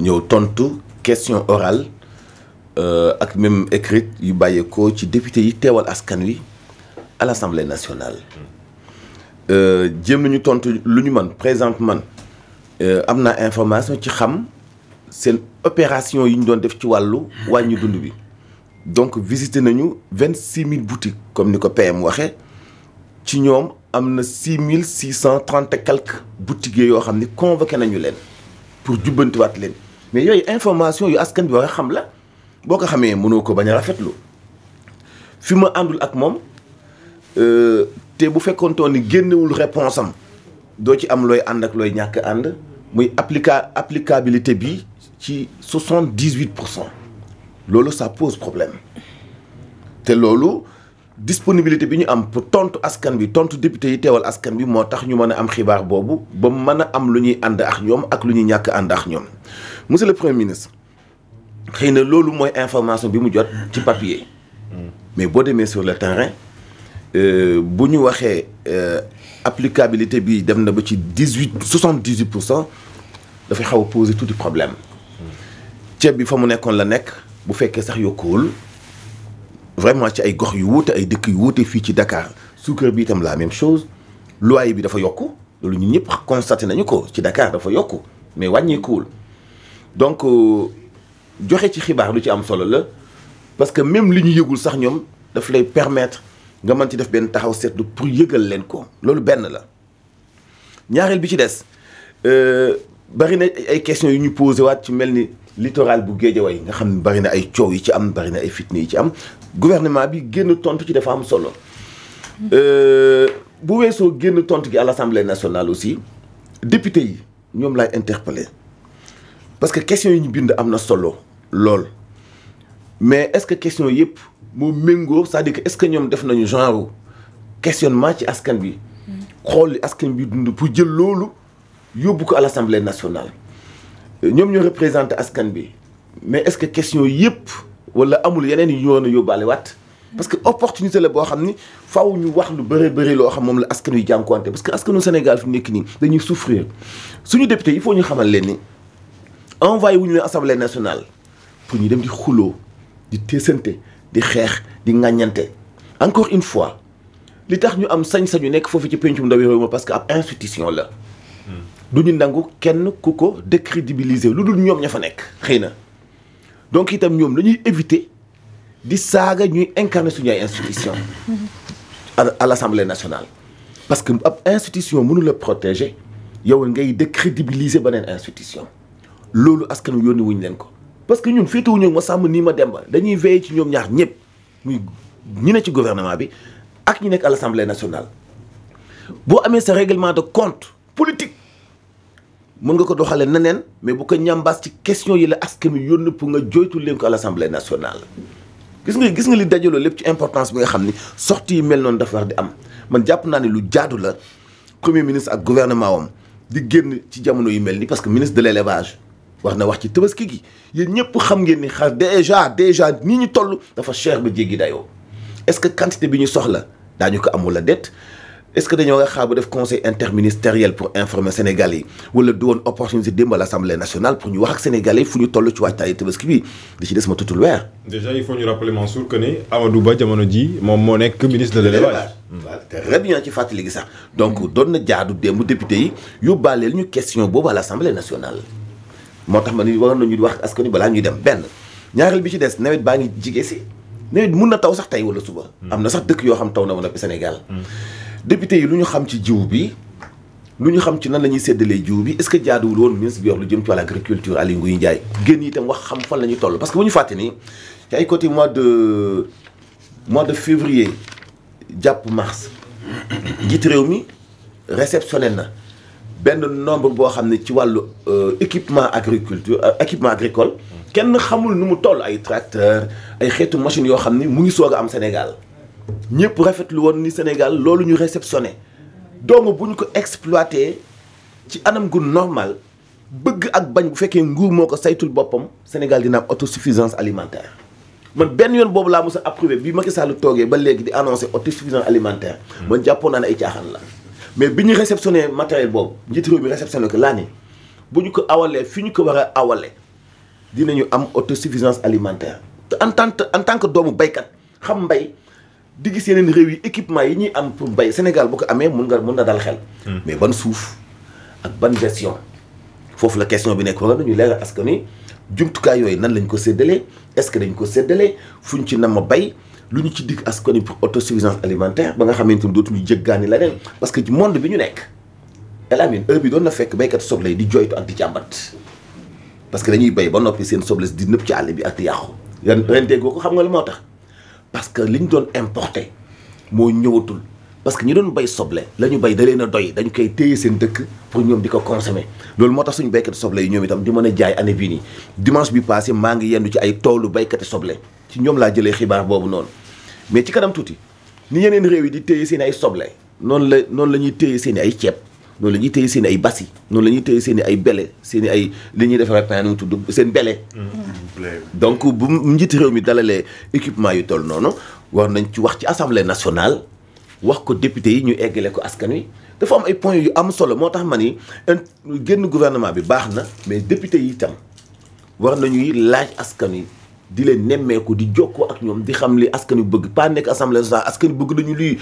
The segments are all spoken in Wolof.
ñëw tontu question orale euh, ak même écrite yu bàyyeekoo ci député yi teewal askan wi à l' assemblée nationale. Hmm. Euh, jéem nañu tontu lu ñu man présente euh, man am na information ci xam seen opération yi ñu doon def ci wàllu wàññi dund bi donc visité nañu vingt six mille boutiques comme ni ko PM waxee ci ñoom am na six mille six cent trente et quelques yoo xam ni convoqué nañu leen pour jubbantiwaat leen. mais yooyu information yu askan bi war a xam la boo ko xamee mënoo ko bañ a rafetlu fi ma àndul ak moom euh, te bu fekkoontoon ni génnewul réponse am doo ci am looy ànd ak looy ñàkk ànd muy applica applicabilité bi ci soixante dix huit pour cent loolu ça pose problème te loolu disponibilité bi ñu am pour tontu askan bi tontu député yi teewal askan bi moo tax ñu mën a am xibaar boobu ba mën a am lu ñuy ànd ak ñoom ak lu ñuy ñàkk ànd ak ñoom monsieur le premier ministre xëy na loolu mooy information bi mu jot ci papier. mais boo demee sur le terrain euh, bu ñu waxee euh, applicabilité bi dem na ba ci dix huit soixante dix huit pour cent dafay xaw a poser tuuti problème ceeb bi fa mu nekkoon la nekk bu fekkee sax yokkuwul vraiment ci ay gox yu wuute ay dëkk yu wuute fii ci dakaar suukar bi itam la même chose loyer bi dafa yokk loolu ñun ñëpp constaté nañu ko ci dakaar dafa yokk mais wàññeekuwul. donc euh, joxe ci xibaar lu ci am solo la parce que même li ñu yëgul sax ñoom daf lay permettre nga mën ci def benn taxaw seetlu pour yëgal leen ko loolu benn la ñaareel bi ci des euh, bari na ay question yu ñu posé waat ci mel ni littoral bu Guédiawaye nga xam ni bari na ay coow yi ci am barina ay fitne yi ci am gouvernement bi génn tontu ci dafa am solo euh, bu weesoo génn tontu gi à l'Assemblée nationale aussi député yi ñoom laay interpellé parce que question yi ñu bind am na solo lool mais est-ce que question yëpp moo méngoo c'est-à-dire que que ñoom def nañu genre questionnement ci askan bi xool yi askan bi dund pour jël loolu yóbbu ko à l'Assemblée nationale ñoom ñoo représenté askan bi mais est-ce que question yëpp wala amul yeneen yu ñu woon a yóbbaale waat parce que opportunité la boo xam ni faaw ñu wax lu bëri bëri loo xam moom la askan yu jànkuwante parce que askanu Sénégal fi nekk nii dañuy souffrir suñu député il ñu xamal leen ni envoyé wu ñu leen assemblée nationale pour ñu dem di xuloo di teesante di xeex di ŋàññante encore une fois li tax ñu am sañ-sañu nekk foofu ci pencum ndawi réew ma parce que ab institution la hmm. du ñu nangu kenn ku ko décrédibiliser lu dul ñoom ña fa nekk xëy na donc itam ñoom lañuy éviter di saaga ñuy incarner suñu ay institution hmm. à l'Assemblée nationale parce que ab institution mënu la protéger yow ngay décrédibiliser beneen institution loolu askanu wi yónni wuñ leen ko parce que ñun féetewuñu ma sàmm nii ma demba dañuy veiller ci ñoom ñaax ñëpp muy ñi ne ci gouvernement bi ak ñi nekk à l'Assemblée nationale boo amee sa règlement de compte politique mën nga ko doxalee neneen mais bu ko ñambaas ci question yi la askan wi yónni pour nga joytu leen ko à l'Assemblée nationale gis nga gis nga li dajaloo lépp ci importance bi nga xam ni sortie yi mel noonu dafa war di am man jàpp naa ne lu jaadu la premier ministre ak gouvernement wam di génn ci jamono yu mel ni parce que ministre de l'élevage war na wax ci tabaski gi yéen ñëpp xam ngeen ni xar déjà déjà ni ñu toll dafa cher ba jéggi dayoo est-ce que quantité bi ñu soxla daañu ko amul la det est-ce que dañoo nga xaar bu def conseil interministériel pour informer Sénégal yi wala du woon opportunité démb à l'Assemblée nationale pour ñu wax ak Sénégalais fu ñu toll ci waajtaayu tabaski bi di ci des ma tutul weer. déjà il faut ñu rappeler Mansour que ne Amadou Ba jamono ji moom moo nekk ministre de l'élevage. Mm. très bien ci fàttali donc doon na jaadu démb député yi yóbbaaleel ñu question boobu à l'Assemblée nationale. moo tax ma ni waroon nañu wax askan wi balaa ñuy dem benn ñaareel bi ci des nawet baa ngi jige si nawet mun na taw sax tey wala suba. Hmm. am na sax dëkk yoo xam taw na wala Sénégal. Hmm. député yi lu ñu xam ci jiw bi lu ñu xam ci nan la ñuy séddalee jiw bi est-ce que jaaduwul woon ministre bi yor lu jëm ci wàllu agriculture Aly Ngouille Ndiaye génn itam wax xam fan la ñuy toll parce que bu ñu fàtte nii ci côté mois de mois de février jàpp mars jiitu réew mi réceptionné na. benn nombre boo xam ne ci wàllu euh, équipement agriculture euh, équipement agricole kenn xamul nu mu toll ay tracteur ay xeetu machines yoo xam ni mu ngi soog am Sénégal ñëpp rafetlu woon ni Sénégal loolu ñu réceptionné doomu bu ñu ko exploité ci anam gu normal bëgg ak bañ bu fekkee nguur moo ko saytul boppam Sénégal dina am autosuffisance alimentaire man benn yoon boobu laa mos a bi Macky Sall toogee ba léegi di annoncé autosuffisance alimentaire man jàppoon naa ne ay caaxaan la mais bi ñu réceptionné matériel boobu njiitu réew mi réceptionné ko laa ne bu ñu ko awalee fi ñu ko war a awalee dinañu am autosuffisance alimentaire te en tant en tant que doomu baykat xam mbay di gis yeneen réew yi équipement yi ñuy am pour mbay Sénégal boo ko amee mun nga mun na dal xel. Hmm. mais ban suuf ak ban gestion foofu la question bi nekk waroon nañu leeral askan ni jumtukaay yooyu nan lañ ko séddalee est-ce que dañ ko séddalee fuñ ci na ma bay. lu ñu ci digg askan wi pour autosuffisance alimentaire ba nga xamante ni dootuñu jëggaani leneen parce que ci monde bi ñu nekk El Amine bi doon na fekk béykat soble di joytu ak di jàmbat parce que dañuy béy ba noppi seen soble di nëpp ci àll bi ak di yàqu ren ren déggoo ko xam nga lu moo tax parce que li ñu doon importé moo ñëwatul parce que ñi doon bay soble la ñu béy da a doy dañu koy téye seen dëkk pour ñoom di ko consommer loolu moo tax suñu béykati soble yi ñoom itam di mën a jaay année bii nii dimanche bi passé maa ngi yendu ci ay toolu béykati soble ñoom laa jëlee xibaar boobu noonu mais ci kanam tuuti ni yeneen réew yi di téye seen ay soble noonu la noonu la ñuy téye seen ay ceeb noonu ñuy téye seen ay basi noonu la ñuy téye seen ay bele seen i ay li ñuy defaree pain nu mu tudd seen bele. donc bu njiit réew mi dalalee équipement yu toll noonu war nañ ci wax ci assemblée nationale wax ko député yi ñu eggale ko askan wi. dafa am ay points yu am solo moo tax ma ni génn gouvernement bi baax na mais député yi itam war nañuy laaj askan wi. di leen nemmeeku di jokkoo ak ñoom di xam li askan wi bëgg pas nekk assemblée nationale askan wi bëgg nañu lii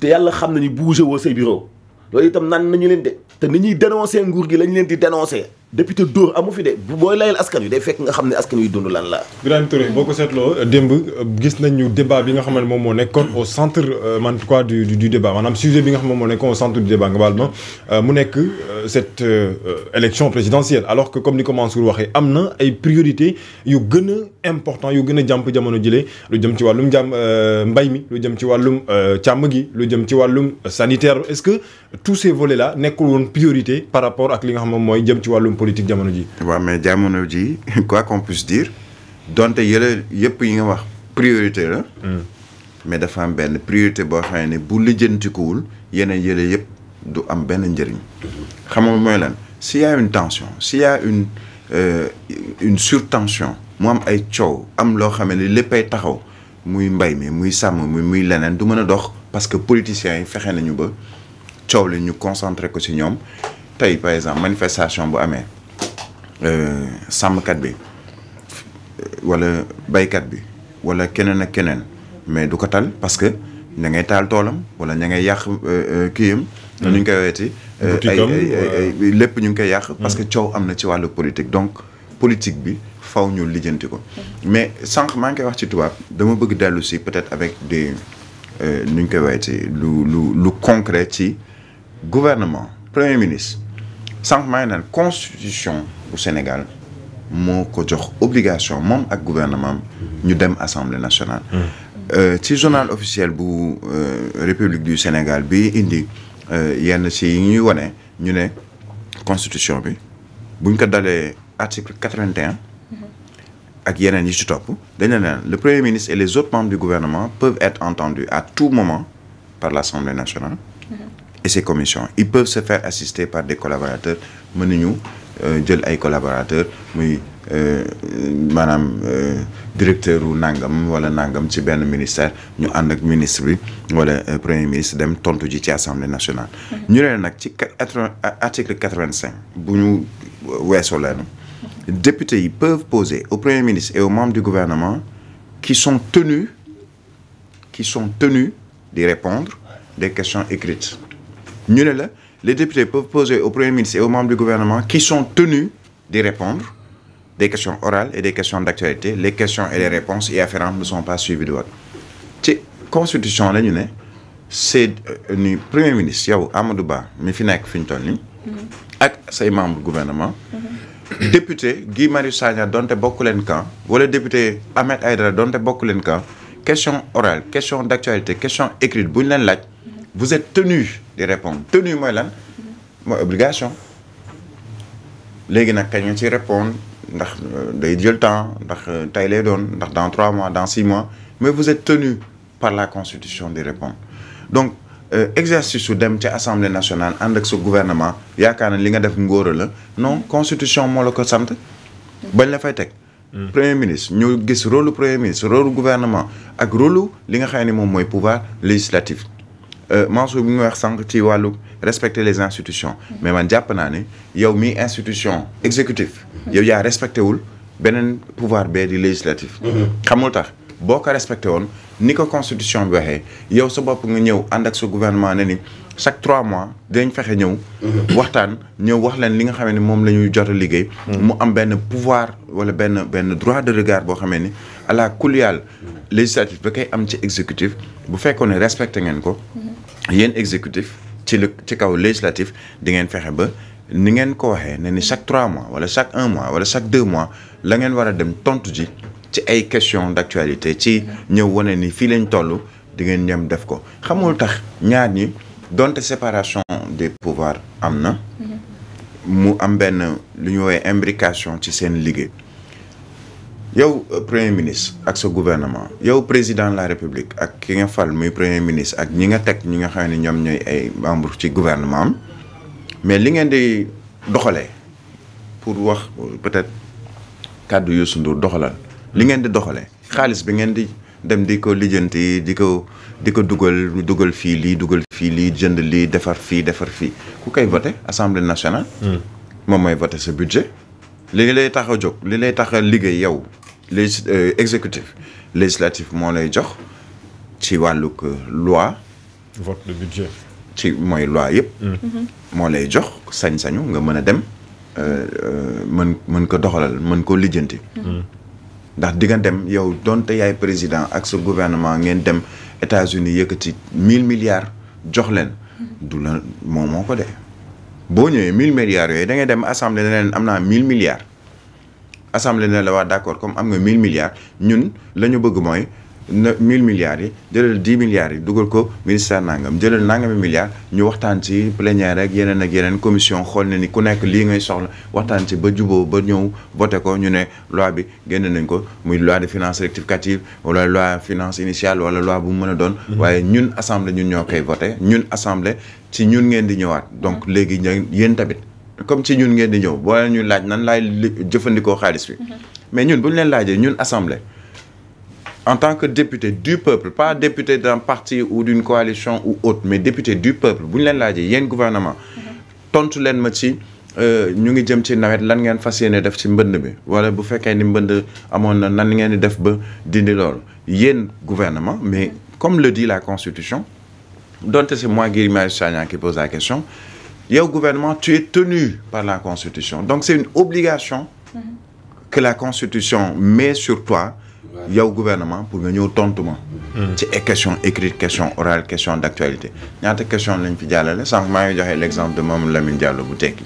te yàlla xam nañu bougé woo say bureau loolu itam nan nañu leen de te na ñuy dénoncé nguur gi lañ leen di dénoncé député Dóor amu fi de booy layal askan wi day fekk nga xam ne askan wi dund lan la Birahim Touré boo ko seetloo euh, démb euh, gis nañu débat bi nga xam ne moom moo nekkoon au centre en tout cas du du débat maanaam sujet nga moo nekkoon au centre du débat nga baal ma euh, mu nekk cette élection présidentielle alors que comme ni ko Mansour waxee am na ay priorité yu gën a important yu gën a jàmp jamono jëlee lu jëm ci wàllum jàmm mbay mi lu jëm ci wàllum càmm gi lu jëm ci wàllum sanitaire est-ce que tous ces volets là nekkul woon priorité par rapport ak li nga xam ne mooy jëm ci wàllum politique jamono ji waa mais jamono ji quoi qu'on puisse dire donte yële yëpp yi nga wax priorité la hmm. mais dafa am benn priorité boo xam ne bu lijjantikuwul yeneen yële yëpp du am benn njëriñ xam nga mooy lan s'il y une tension s'il y a une euh, une mu am ay coow am loo xam ne ay taxaw muy mbay mi muy sàmm mi muy leneen du mën a dox parce que politiciens yi fexe nañu ba coow li ñu concentré ko ci ñoom tey par exemple manifestation bu amee euh, sàmmkat bi wala baykat bi wala keneen ak keneen mais du ko tal parce que ña ngay taal toolam wala ña ngay yàq euh, euh, kiyam mm-hmm. nu ñu koy weeti ay ay lépp ñu ngi koy yàq mm-hmm. parce que coow am na ci wàllu politique donc politique bi faw ñu lijjanti ko mm-hmm. mais sànq maa ngi koy wax ci tubaab dama bëgg dellu si peut-être avec des nu ñu koy weeti lu lu lu concret ci gouvernement premier ministre sànq maa ngi naan constitution bu Sénégal moo ko jox obligation moom ak gouvernement ñu dem assemblée nationale. Hmm. Euh, ci journal officiel bu euh, république du Sénégal bi indi euh, yenn si yi ñuy wane ñu ne constitution bi buñ ko dalee article quatre-vingt-un hmm. ak yeneen yi ci topp dañ la naan le premier ministre et les autres membres du gouvernement peuvent être entendus à tout moment par l'Assemblée nationale. Hmm. et ses commissions ils peuvent se assister par des collaborateurs mën nañu euh, jël ay collaborateurs muy euh, euh, maanaam directeur wu nangam wala nangam ci benn ministère ñu ànd ak ministre bi wala premier ministre dem tontu ji ci assemblée nationale. Mhm. ñu ne nag ci article quatre-vingt-cinq bu ñu weesoo leen députés yi peuvent poser au premier ministre et aux membres du gouvernement qui sont tenus qui sont tenus d'y répondre des questions écrites. ñu ne la les députés peuvent poser au premier ministre et aux membres du gouvernement qui sont tenus d'y répondre des questions orales et des questions d'actualité les questions et les réponses y afférentes ne sont pas suivies de vote ci constitution la ñu ne c'est euh, ni premier ministre yow Amadou Ba mi fi nekk fi ñu toll nii. Mm-hmm. ak say membres gouvernement mm-hmm. député Guy Marius Sagna donte bokk leen camp wala député Ahmed Aïdara donte bokk leen camp question orale question d'actualité question écrite bu ñu leen laaj vous êtes tenu di répondre tenu mooy lan mooy obligation léegi nag kañ nga ciy répondre ndax euh, day jël temps ndax euh, tey lay doon ndax dans trois mois dans six mois mais vous êtes tenu par la constitution di répondre donc euh, exercice su dem ci assemblée nationale ànd ak sa gouvernement yaakaar na li nga def ngóora la non constitution moo la sant bañ la fay teg hmm. premier ministre ñu gis rôle premier ministre rôle gouvernement ak rôle li nga xam ne moom mooy pouvoir législatif Euh, Mansour bi nga wax sànq ci wàllu respecter les institutions mais man jàpp naa ni yow mi institution exécutif yow yaa respecté wul beneen pouvoir bee di législatif xamul tax boo ko respecté woon ni ko constitution bi waxee yow sa bopp nga ñëw ànd ak sa gouvernement ne ni chaque trois mois dinañ fexe ñëw waxtaan ñëw wax leen li nga xamee ni moom la ñuy jot a liggéey mu am benn pouvoir wala benn benn droit de regard boo xamee ni à la kuliyal législatif ba koy am ci exécutif bu fekkoon ne respecté ngeen ko mhm. yéen exécutif ci lu ci kaw législatif di ngeen fexe ba ni ngeen ko waxee ne ni chaque trois mois wala chaque un mois wala chaque deux mois la ngeen war a dem tontu ji ci ay question d'actualité ci mhm. ñëw wane ni fii lañ toll di ngeen dem def ko xamul tax ñaar ñi donte séparation des pouvoirs am na mhm. mu am benn lu ñu woowee imbrication ci seen liggéey yow euh, premier ministre ak sa gouvernement yow président de la république ak ki nga fal muy premier ministre ak ñi nga teg ñi nga xam ne ñoom ñooy ay membre ci gouvernement am mais li ngeen di doxalee pour wax peut-être kàddu Youssou Ndour doxalal li ngeen di doxalee xaalis bi ngeen di dem di ko lijjanti di ko di ko dugal dugal fii lii dugal fii lii jënd lii defar fii defar fii ku koy voté assemblée nationale hmm. moom mooy voté sa budget li lay tax a jóg li lay tax liggéey yow légis euh, exécutif législatif moo lay jox ci wàllug euh, loi. vote ci mooy loi yëpp. Mm. Mhm. moo lay jox sañ-sañu nga mën a dem euh, mën mën ko doxalal mën ko lijjanti. Mhm. Mm. ndax di nga dem yow donte yaay président ak sa gouvernement ngeen dem États-Unis yëkkati mille milliards jox leen. Mhm. du la moom moo ko dee. boo ñëwee mille milliards yooyu da ngay dem assemblée ne leen am naa mille milliards. assemblée ne la waa d' comme am nga 1000 milliards ñun la ñu bëgg mooy na 1000 milliards yi jëlal 10 milliards yi dugal ko ministère nangam jëlal nangami milliards ñu waxtaan ci plénière rek yeneen ak yeneen commission xool na ni ku nekk lii ngay soxla waxtaan ci ba juboo ba ñëw voté ko ñu ne loi bi génn nañ ko muy loi de finances rectificative wala loi finance initiale wala loi bu mu mën a doon. Mhm. waaye ñun assemblée ñun ñoo koy voté ñun assemblée ci ñun ngeen di ñëwaat donc mhm. léegi yéen tamit. comme ci ñun ngeen di ñëw boo leen ñu laaj nan laay jëfandikoo xaalis bi mhm. mais ñun bu ñu leen laajee ñun assemblée en tant que député du peuple pas député d'un parti ou d'une coalition ou autre mais député du peuple bu ñu leen laajee yéen gouvernement mhm. tontu leen ma ci euh, ñu ngi jëm ci nawet lan ngeen fas yéene def ci mbënd bi wala bu fekkee ni mbënd amoon na nan ngeen di def ba dindi loolu yéen gouvernement mais comme le di la constitution donte si mois Guy Marius Sagna qui pose yow gouvernement tu es tenu par la constitution donc c'est une obligation mm-hmm. que la constitution met sur toi yow gouvernement pour nga ñëw tontu ma mm-hmm. ci ay question écrite question orale question d'actualité ñaata question lañ fi jàllale sànq maa ngi joxe l'exemple de Mamadou Lamine Diallo bu tekki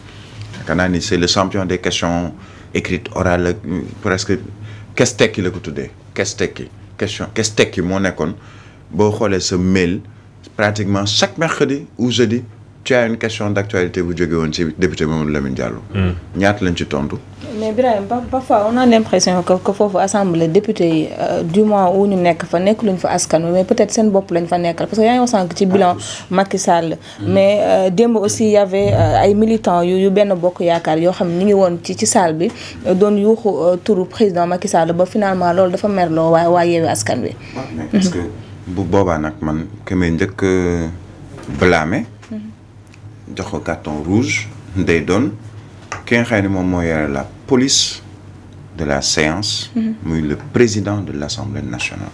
yaakaar naa ni c'est le champion des questions écrites orales euh, presque kes tekki la ko tuddee kes tekki question kes tekki moo nekkoon boo xoolee sa mail pratiquement chaque mercredi ou jeudi tu as une question d' bu jóge woon ci député Mamadou hmm. a l' euh, ñu nekk fa nekk luñ fa askan mais peut être seen bopp lañ fa nekkal parce que yaa ngi sànq ci bilan ah, Macky Sall. Hmm. mais euh, démb euh, ay militants yu benn bokk yaakaar yoo xam ni ngi woon ci ci salle bi doon yuuxu turu président Macky Sall ba finalement loolu dafa merloo waaye waa yeewee askan wi. est ce que hmm. bu boobaa nag man ku may njëkk blâmer jox ko carton rouge day doon ki nga xam moom moo yore la police de la séance mhm. muy le président de l'Assemblée nationale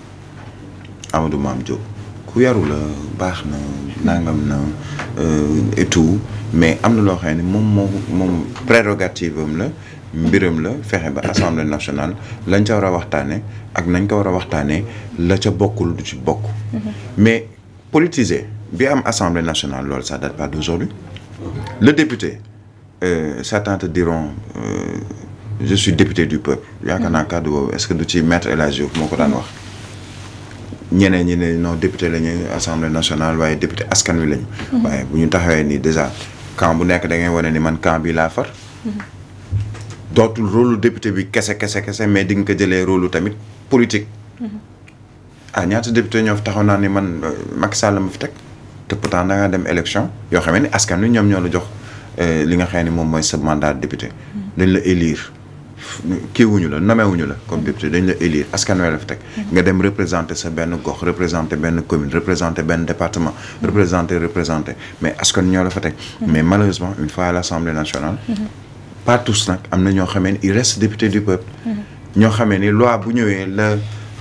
Amadou Mame Diop ku yaru la baax na nangam na euh, et tout mais am na loo xam ne moom moo moom prérogative am la mbiram la fexe ba assemblée nationale lañ ca war a waxtaane ak nañ ko war a waxtaanee la ca bokkul du ci bokk mhm. mais politisé bi am assemblée nationale loolu sax date pas d'aujourd'hui Le député, euh, certains te diront, euh, je suis député du peuple. yaakaar naa kàddu boobu est-ce que du ci maître El Hadj moo ko daan wax. ñeneen ñi ne noo député lañu assemblée nationale waaye député askan wi lañu. Mhm. waaye bu ñu taxawee nii déjà camp bu nekk da ngay wane ni man camp bi laa far. Mhm. dootul rôle député bi kese kese kese mais di nga ko jëlee rôle tamit politique. Mhm. ah ñaata député ñoo fi taxaw naa ni man euh, Macky Sall ma fi teg. te pourtant da dem élection yoo xam ne askan wi ñoom ñoo la jox eh, li nga xam ne moom mooy sa mandat député. Mm-hmm. dañ la élire kii wuñu la nomewuñu la comme député dañ la élire askan wi la fi teg. Mm-hmm. nga dem représenter sa benn gox représenter benn commune représenter benn département. Mm-hmm. représenter représenter mais askan ñoo la fa teg. mais malheureusement une fois à l'Assemblée nationale. pas tous nag am na ñoo xamee ne il reste député du peuple. ñoo xamee ni loi bu ñëwee la.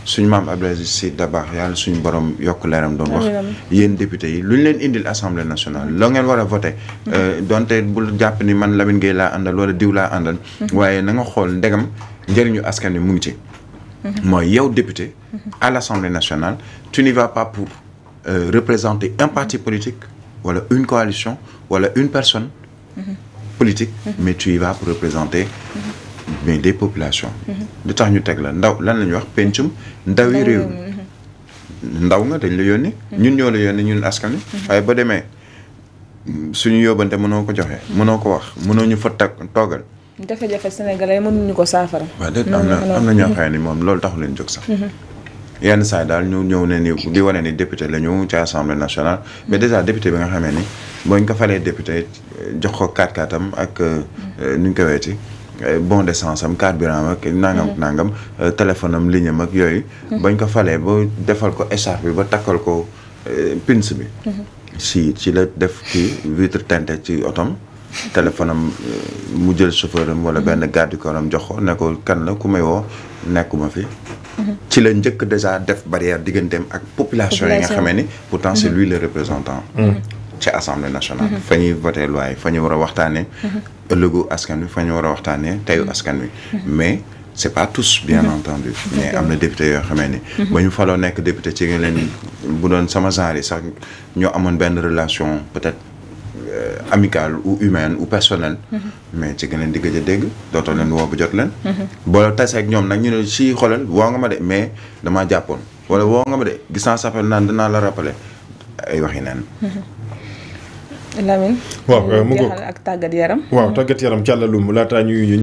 suñ maam Abdoul si Sy Dabakh yàlla suñu borom yokk leeram doon wax yéen député yi lu ñu leen indil assemblée nationale loo ngeen war a voté mm-hmm. euh, donte bul jàpp ni man la Gueye laa la wala diw laa àndal mm-hmm. waaye na nga xool ndegam njëriñu askan wi mu ngi ci mm-hmm. mooy yow député à l'assemblée nationale tu n'y vas pas pour euh, représenter un parti politique wala une coalition wala une personne politique mais tu y vas pour représenter mais des population mm-hmm. li tax ñu teg la ndaw lan la ñuy wax pencum ndawi réew mi mm-hmm. ndaw nga dañ la yónni. Mm-hmm. ñun ñoo la yónni ñun askan wi. waaye ba demee suñu yóbbante mënoo ko joxe. mënoo ko wax mënoo ñu fa tag toogal. jafe-jafe sénégalais mënuñu ko saafara. waaw de am na am na ñoo xam ne moom loolu taxu leen jóg sax. yenn saa daal ñu ñëw ne ni di wane ni député la ñu ci assemblée nationale. mais déjà député bi nga xamee ni boo ñu ko falee député jox ko kaat kaatam ak euh, nu ñu ko weeti Eh, bon d'essence am carburant am ak nangam mm-hmm. nangam eh, téléphone am ligne am ak yooyu mm-hmm. bañ ko falee ba defal ko écharpe bi ba takkal ko eh, pince bi mm-hmm. si ci la def kii vitre teintée ci otom téléphone am mu jël chauffeur am wala benn garde jox ko nekkool kan la ku may woo nekkuma fi ci la njëkk déjà def barrière digganteem ak population yi nga xamee ni pourtant c'est lui le représentant ci assemblée nationale. Mhm. fa ñuy voté loi yi fa ñu war a waxtaanee. Mhm. ëllëgu askan wi fa ñu war a waxtaanee teyu mhm. askan wi. mais c'est pas tous bien entendu mais am na député yoo xamee ni ba ñu faloo nekk député ci leen bu doon sama genre yi sax ñoo amoon benn relation peut-être euh, amicale ou humaine ou personnelle mais ci gën leen di gëj a dégg dootoo leen woo bu jot leen boo tasee ñoom nag ñu ne si xoolal woo nga ma de mais damaa jàppoon wala woo nga ma de gis naa danaa la rappeler ay Lamine. waaw euh, mu ngoog ak tàggat yaram. waaw tàggat yaram càllalum laataa ñuy.